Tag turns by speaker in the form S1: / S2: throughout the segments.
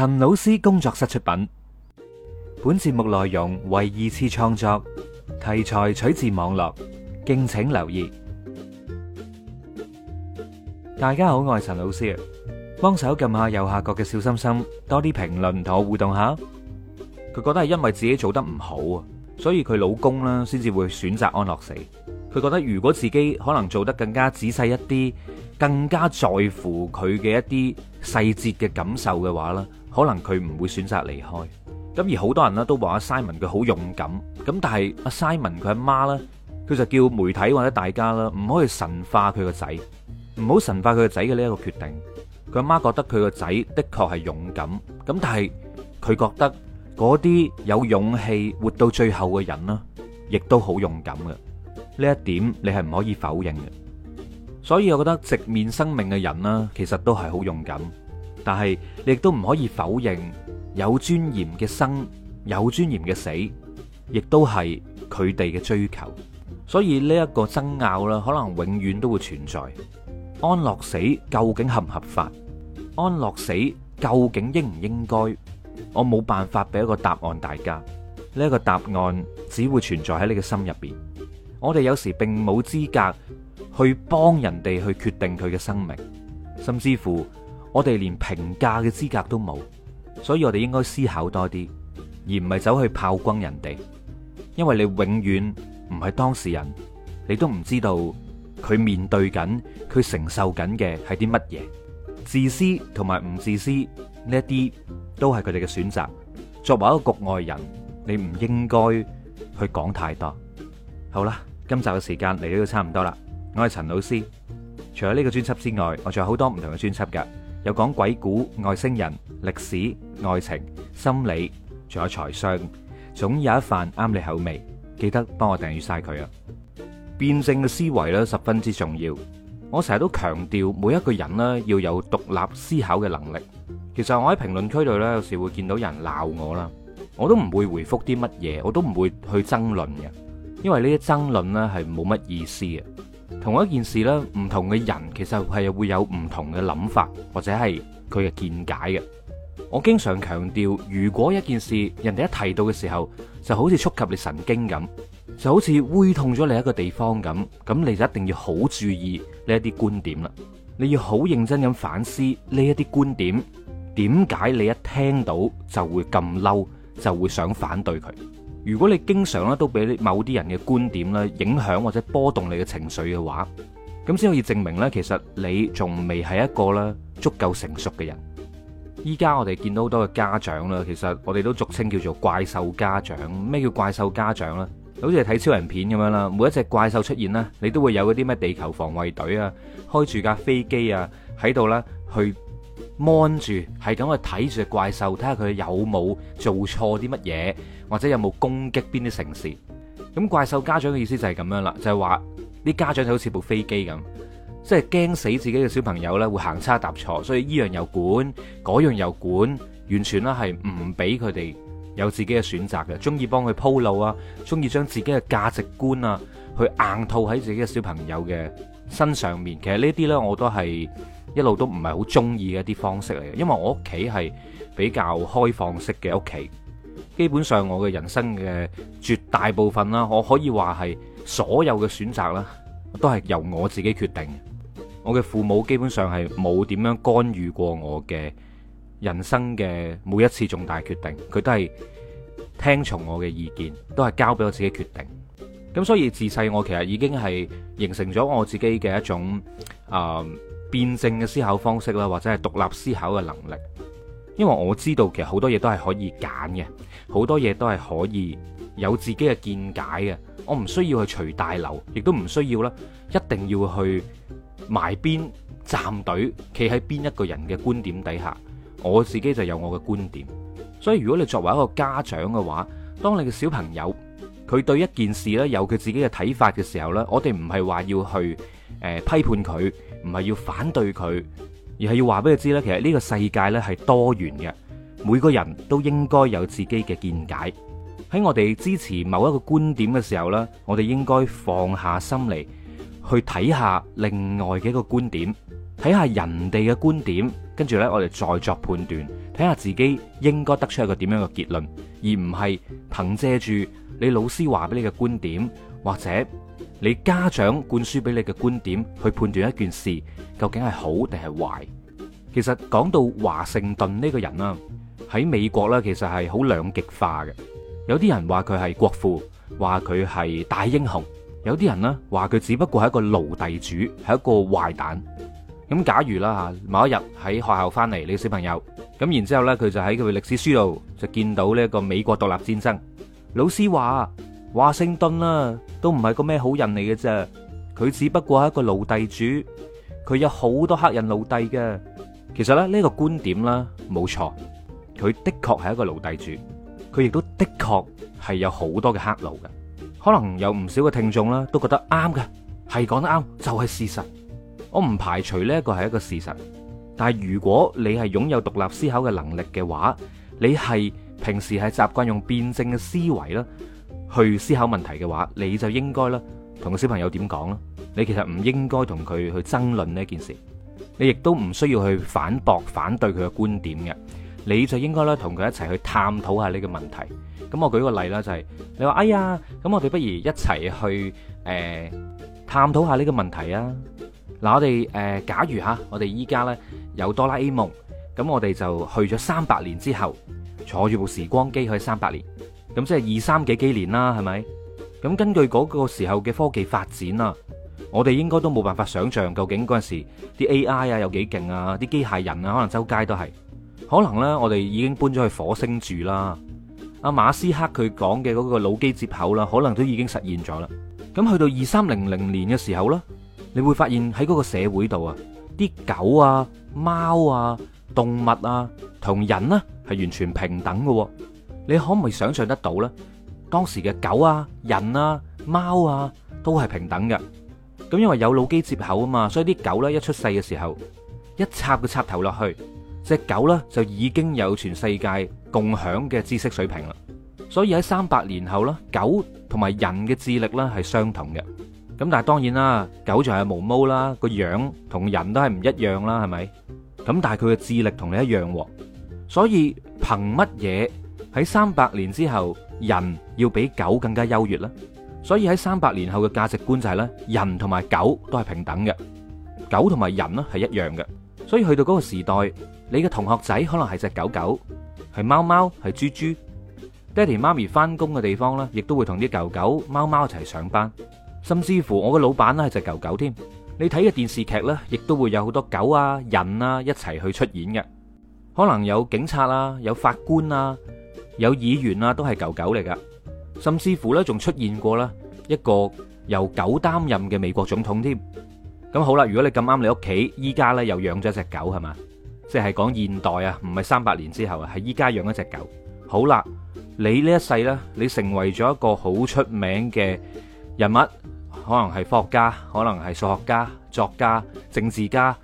S1: 陳老師工作室出品，本節目內容為二次創作，題材取自網絡，敬請留意。大家好，我係陳老師，幫手撳下右下角嘅小心心，多啲評論同我互動下。佢覺得係因為自己做得唔好啊，所以佢老公咧先至會選擇安樂死。佢覺得如果自己可能做得更加仔細一啲。更加在乎佢嘅一啲細節嘅感受嘅話呢，可能佢唔會選擇離開。咁而好多人咧都話 Simon 佢好勇敢。咁但係阿 Simon 佢阿媽呢，佢就叫媒體或者大家啦，唔可以神化佢個仔，唔好神化佢個仔嘅呢一個決定。佢阿媽覺得佢個仔的確係勇敢。咁但係佢覺得嗰啲有勇氣活到最後嘅人呢，亦都好勇敢嘅。呢一點你係唔可以否認嘅。所以我覺得直面生命嘅人啦，其實都係好勇敢。但係你亦都唔可以否認，有尊嚴嘅生，有尊嚴嘅死，亦都係佢哋嘅追求。所以呢一個爭拗啦，可能永遠都會存在。安樂死究竟合唔合法？安樂死究竟應唔應該？我冇辦法俾一個答案，大家呢個答案只會存在喺你嘅心入邊。我哋有時並冇資格。去幫人哋去決定佢嘅生命，甚至乎我哋連評價嘅資格都冇，所以我哋應該思考多啲，而唔係走去炮轟人哋。因為你永遠唔係當事人，你都唔知道佢面對緊佢承受緊嘅係啲乜嘢，自私同埋唔自私呢一啲都係佢哋嘅選擇。作為一個局外人，你唔應該去講太多。好啦，今集嘅時間嚟到都差唔多啦。我係陳老師，除咗呢個專輯之外，我仲有好多唔同嘅專輯噶，有講鬼故、外星人、歷史、愛情、心理，仲有財商，總有一份啱你口味。記得幫我訂閱晒佢啊！辯證嘅思維咧，十分之重要。我成日都強調每一個人咧要有獨立思考嘅能力。其實我喺評論區度咧，有時會見到人鬧我啦，我都唔會回覆啲乜嘢，我都唔會去爭論嘅，因為呢啲爭論咧係冇乜意思嘅。同一件事咧，唔同嘅人其實係會有唔同嘅諗法，或者係佢嘅見解嘅。我經常強調，如果一件事人哋一提到嘅時候，就好似觸及你神經咁，就好似哀痛咗你一個地方咁，咁你就一定要好注意呢一啲觀點啦。你要好認真咁反思呢一啲觀點，點解你一聽到就會咁嬲，就會想反對佢？如果你經常咧都俾某啲人嘅觀點咧影響或者波動你嘅情緒嘅話，咁先可以證明呢。其實你仲未係一個咧足夠成熟嘅人。依家我哋見到好多嘅家長啦，其實我哋都俗稱叫做怪獸家長。咩叫怪獸家長呢？好似睇超人片咁樣啦，每一隻怪獸出現呢，你都會有嗰啲咩地球防衛隊啊，開住架飛機啊喺度呢去。望住，係咁去睇住隻怪獸，睇下佢有冇做錯啲乜嘢，或者有冇攻擊邊啲城市。咁怪獸家長嘅意思就係咁樣啦，就係話啲家長就好似部飛機咁，即係驚死自己嘅小朋友咧會行差踏錯，所以依樣又管，嗰樣又管，完全咧係唔俾佢哋有自己嘅選擇嘅，中意幫佢鋪路啊，中意將自己嘅價值觀啊，去硬套喺自己嘅小朋友嘅。身上面，其實呢啲呢，我都係一路都唔係好中意嘅一啲方式嚟嘅，因為我屋企係比較開放式嘅屋企，基本上我嘅人生嘅絕大部分啦，我可以話係所有嘅選擇啦，都係由我自己決定。我嘅父母基本上係冇點樣干預過我嘅人生嘅每一次重大決定，佢都係聽從我嘅意見，都係交俾我自己決定。咁所以自細我其實已經係形成咗我自己嘅一種啊、呃、辯證嘅思考方式啦，或者係獨立思考嘅能力。因為我知道其實好多嘢都係可以揀嘅，好多嘢都係可以有自己嘅見解嘅。我唔需要去隨大流，亦都唔需要啦，一定要去埋邊站隊，企喺邊一個人嘅觀點底下，我自己就有我嘅觀點。所以如果你作為一個家長嘅話，當你嘅小朋友，佢對一件事咧有佢自己嘅睇法嘅時候咧，我哋唔係話要去誒、呃、批判佢，唔係要反對佢，而係要話俾佢知咧。其實呢個世界咧係多元嘅，每個人都應該有自己嘅見解。喺我哋支持某一個觀點嘅時候咧，我哋應該放下心嚟去睇下另外嘅一個觀點，睇下人哋嘅觀點，跟住呢我哋再作判斷，睇下自己應該得出一個點樣嘅結論，而唔係憑藉住你老師話俾你嘅觀點，或者你家長灌輸俾你嘅觀點，去判斷一件事究竟係好定係壞。其實講到華盛頓呢個人啊，喺美國呢，其實係好兩極化嘅。有啲人話佢係國父，話佢係大英雄；有啲人呢，話佢只不過係一個奴隸主，係一個壞蛋。咁假如啦吓，某一日喺學校翻嚟，你小朋友咁，然之後呢佢就喺佢歷史書度就見到呢個美國獨立戰爭。老師話：華盛頓啦，都唔係個咩好人嚟嘅啫。佢只不過係一個奴隸主，佢有好多黑人奴隸嘅。其實咧，呢個觀點啦，冇錯，佢的確係一個奴隸主，佢亦都的確係有好多嘅黑奴嘅。可能有唔少嘅聽眾啦，都覺得啱嘅，係講得啱，就係事實。我唔排除呢一個係一個事實，但係如果你係擁有獨立思考嘅能力嘅話，你係。平時係習慣用辯證嘅思維啦，去思考問題嘅話，你就應該咧同個小朋友點講咧？你其實唔應該同佢去爭論呢件事，你亦都唔需要去反駁、反對佢嘅觀點嘅。你就應該咧同佢一齊去探討下呢個問題。咁我舉個例啦，就係你話：哎呀，咁我哋不如一齊去誒、呃、探討下呢個問題啊。嗱，我哋誒，假如嚇、啊、我哋依家呢，有哆啦 A 夢，咁我哋就去咗三百年之後。坐住部時光機去三百年，咁即係二三幾幾年啦，係咪？咁根據嗰個時候嘅科技發展啊，我哋應該都冇辦法想像究竟嗰陣時啲 AI 啊有幾勁啊，啲機械人啊可能周街都係。可能呢，我哋已經搬咗去火星住啦。阿馬斯克佢講嘅嗰個腦機接口啦，可能都已經實現咗啦。咁去到二三零零年嘅時候呢，你會發現喺嗰個社會度啊，啲狗啊、貓啊、動物啊，同人咧係完全平等嘅。你可唔可以想象得到咧？當時嘅狗啊、人啊、貓啊都係平等嘅。咁因為有腦機接口啊嘛，所以啲狗咧一出世嘅時候，一插個插頭落去，隻狗咧就已經有全世界共享嘅知識水平啦。所以喺三百年後咧，狗同埋人嘅智力咧係相同嘅。咁但係當然啦，狗就係毛毛啦，個樣同人都係唔一樣啦，係咪？咁但係佢嘅智力同你一樣，所以憑乜嘢喺三百年之後人要比狗更加優越呢？所以喺三百年後嘅價值觀就係咧，人同埋狗都係平等嘅，狗同埋人咧係一樣嘅。所以去到嗰個時代，你嘅同學仔可能係隻狗狗，係貓貓，係豬豬。爹哋媽咪翻工嘅地方呢，亦都會同啲狗狗、貓貓一齊上班，甚至乎我嘅老闆咧係隻狗狗添。你睇嘅電視劇呢，亦都會有好多狗啊、人啊一齊去出演嘅，可能有警察啊、有法官啊、有議員啊，都係狗狗嚟噶。甚至乎呢，仲出現過啦一個由狗擔任嘅美國總統添。咁、嗯、好啦，如果你咁啱你屋企依家呢又養咗隻狗係嘛？即係講現代啊，唔係三百年之後啊，係依家養一隻狗。好啦，你呢一世呢，你成為咗一個好出名嘅人物。可能係科學家，可能係數學家、作家、政治家、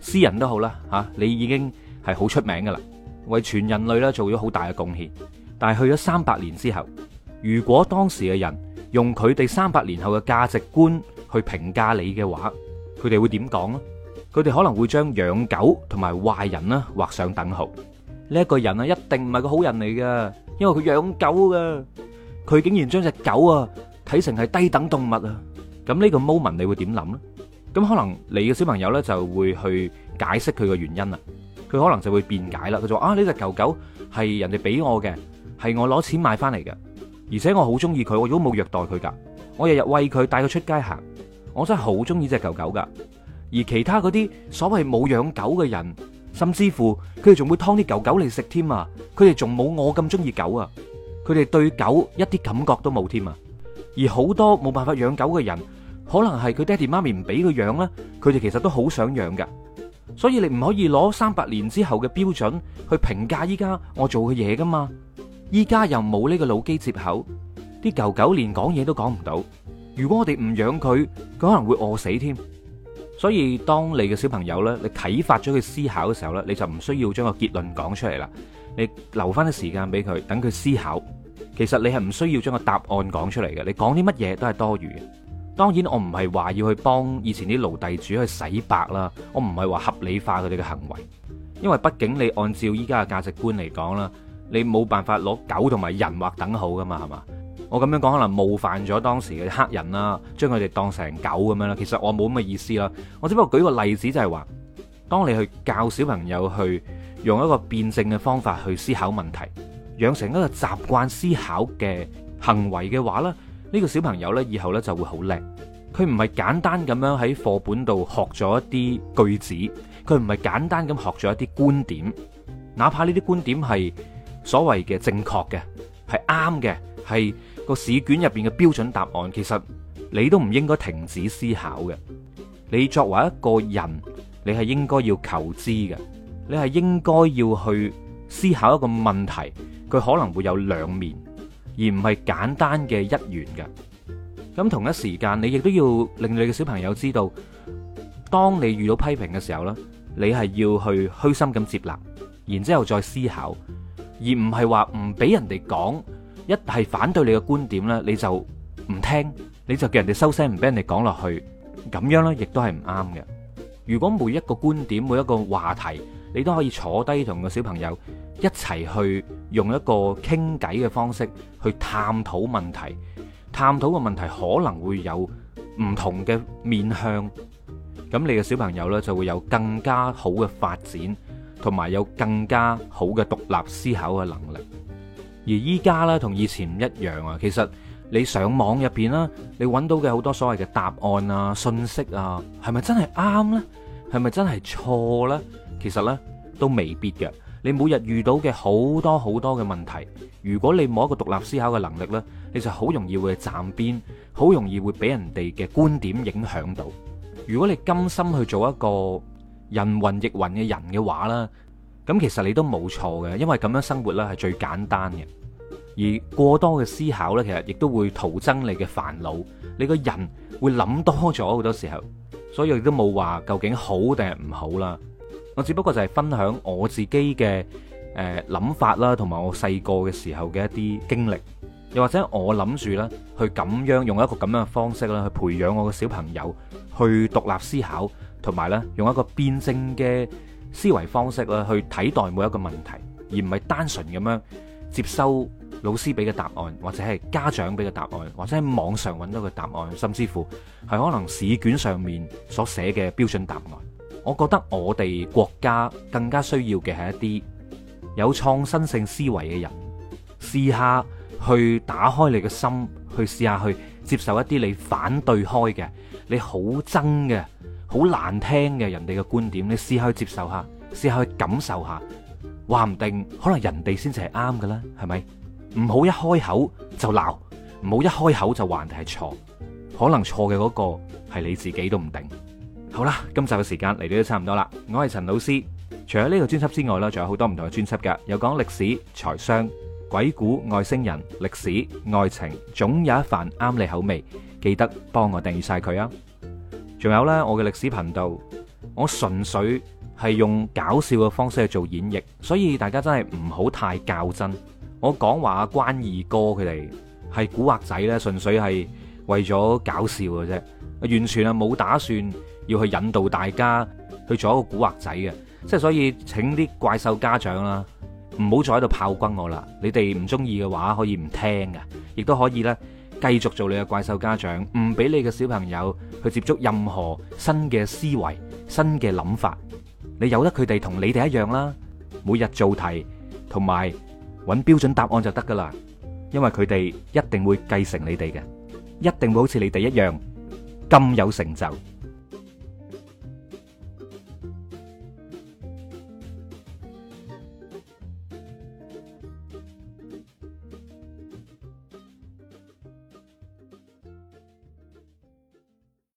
S1: 詩人都好啦。吓，你已經係好出名噶啦，為全人類咧做咗好大嘅貢獻。但係去咗三百年之後，如果當時嘅人用佢哋三百年後嘅價值觀去評價你嘅話，佢哋會點講咧？佢哋可能會將養狗同埋壞人呢劃上等號。呢一個人啊，一定唔係個好人嚟噶，因為佢養狗噶，佢竟然將隻狗啊睇成係低等動物啊！咁呢個 moment 你會點諗呢？咁可能你嘅小朋友呢就會去解釋佢個原因啦。佢可能就會辯解啦。佢就話啊，呢隻狗狗係人哋俾我嘅，係我攞錢買翻嚟嘅，而且我好中意佢，我亦都冇虐待佢噶。我日日餵佢，帶佢出街行，我真係好中意隻狗狗噶。而其他嗰啲所謂冇養狗嘅人，甚至乎佢哋仲會劏啲狗狗嚟食添啊！佢哋仲冇我咁中意狗啊！佢哋對狗一啲感覺都冇添啊！而好多冇辦法養狗嘅人，可能係佢爹哋媽咪唔俾佢養啦，佢哋其實都好想養㗎。所以你唔可以攞三百年之後嘅標準去評價依家我做嘅嘢噶嘛？依家又冇呢個腦機接口，啲狗狗連講嘢都講唔到。如果我哋唔養佢，佢可能會餓死添。所以當你嘅小朋友呢，你啟發咗佢思考嘅時候呢，你就唔需要將個結論講出嚟啦，你留翻啲時間俾佢，等佢思考。其實你係唔需要將個答案講出嚟嘅，你講啲乜嘢都係多餘嘅。當然，我唔係話要去幫以前啲奴隸主去洗白啦，我唔係話合理化佢哋嘅行為，因為畢竟你按照依家嘅價值觀嚟講啦，你冇辦法攞狗同埋人劃等號噶嘛，係嘛？我咁樣講可能冒犯咗當時嘅黑人啦，將佢哋當成狗咁樣啦，其實我冇咁嘅意思啦，我只不過舉個例子，就係話，當你去教小朋友去用一個辯證嘅方法去思考問題。養成一個習慣思考嘅行為嘅話咧，呢個小朋友呢以後呢就會好叻。佢唔係簡單咁樣喺課本度學咗一啲句子，佢唔係簡單咁學咗一啲觀點，哪怕呢啲觀點係所謂嘅正確嘅，係啱嘅，係個試卷入邊嘅標準答案，其實你都唔應該停止思考嘅。你作為一個人，你係應該要求知嘅，你係應該要去思考一個問題。佢可能會有兩面，而唔係簡單嘅一元嘅。咁同一時間，你亦都要令你嘅小朋友知道，當你遇到批評嘅時候咧，你係要去虛心咁接納，然之後再思考，而唔係話唔俾人哋講。一係反對你嘅觀點咧，你就唔聽，你就叫人哋收聲，唔俾人哋講落去。咁樣咧，亦都係唔啱嘅。如果每一個觀點，每一個話題，你都可以坐低同個小朋友一齊去用一個傾偈嘅方式去探討問題，探討個問題可能會有唔同嘅面向，咁你嘅小朋友呢就會有更加好嘅發展，同埋有更加好嘅獨立思考嘅能力。而依家呢同以前唔一樣啊，其實你上網入邊啦，你揾到嘅好多所謂嘅答案啊、信息啊，係咪真係啱呢？係咪真係錯呢？其實呢都未必嘅，你每日遇到嘅好多好多嘅問題，如果你冇一個獨立思考嘅能力呢，你就好容易會站邊，好容易會俾人哋嘅觀點影響到。如果你甘心去做一個人云亦云嘅人嘅話咧，咁其實你都冇錯嘅，因為咁樣生活呢係最簡單嘅。而過多嘅思考呢，其實亦都會徒增你嘅煩惱，你個人會諗多咗好多時候，所以亦都冇話究竟好定係唔好啦。我只不過就係分享我自己嘅誒諗法啦，同埋我細個嘅時候嘅一啲經歷，又或者我諗住咧去咁樣用一個咁樣嘅方式啦，去培養我嘅小朋友去獨立思考，同埋咧用一個辯證嘅思維方式啦，去睇待每一個問題，而唔係單純咁樣接收老師俾嘅答案，或者係家長俾嘅答案，或者喺網上揾到嘅答案，甚至乎係可能試卷上面所寫嘅標準答案。我覺得我哋國家更加需要嘅係一啲有創新性思維嘅人，試下去打開你嘅心，去試下去接受一啲你反對開嘅，你好憎嘅、好難聽嘅人哋嘅觀點，你試下去接受下，試下去感受下，話唔定可能人哋先至係啱噶啦，係咪？唔好一開口就鬧，唔好一開口就話人哋係錯，可能錯嘅嗰個係你自己都唔定。好啦，今集嘅時間嚟到都差唔多啦。我係陳老師，除咗呢個專輯之外，呢仲有好多唔同嘅專輯噶，有講歷史、財商、鬼故、外星人、歷史、愛情，總有一番啱你口味。記得幫我訂閱晒佢啊！仲有呢，我嘅歷史頻道，我純粹係用搞笑嘅方式去做演繹，所以大家真係唔好太較真。我講話關二哥，佢哋係古惑仔，呢純粹係為咗搞笑嘅啫，完全係冇打算。要去引導大家去做一個古惑仔嘅，即係所以請啲怪獸家長啦，唔好再喺度炮轟我啦。你哋唔中意嘅話，可以唔聽㗎，亦都可以咧繼續做你嘅怪獸家長，唔俾你嘅小朋友去接觸任何新嘅思維、新嘅諗法。你由得佢哋同你哋一樣啦，每日做題同埋揾標準答案就得噶啦，因為佢哋一定會繼承你哋嘅，一定會好似你哋一樣咁有成就。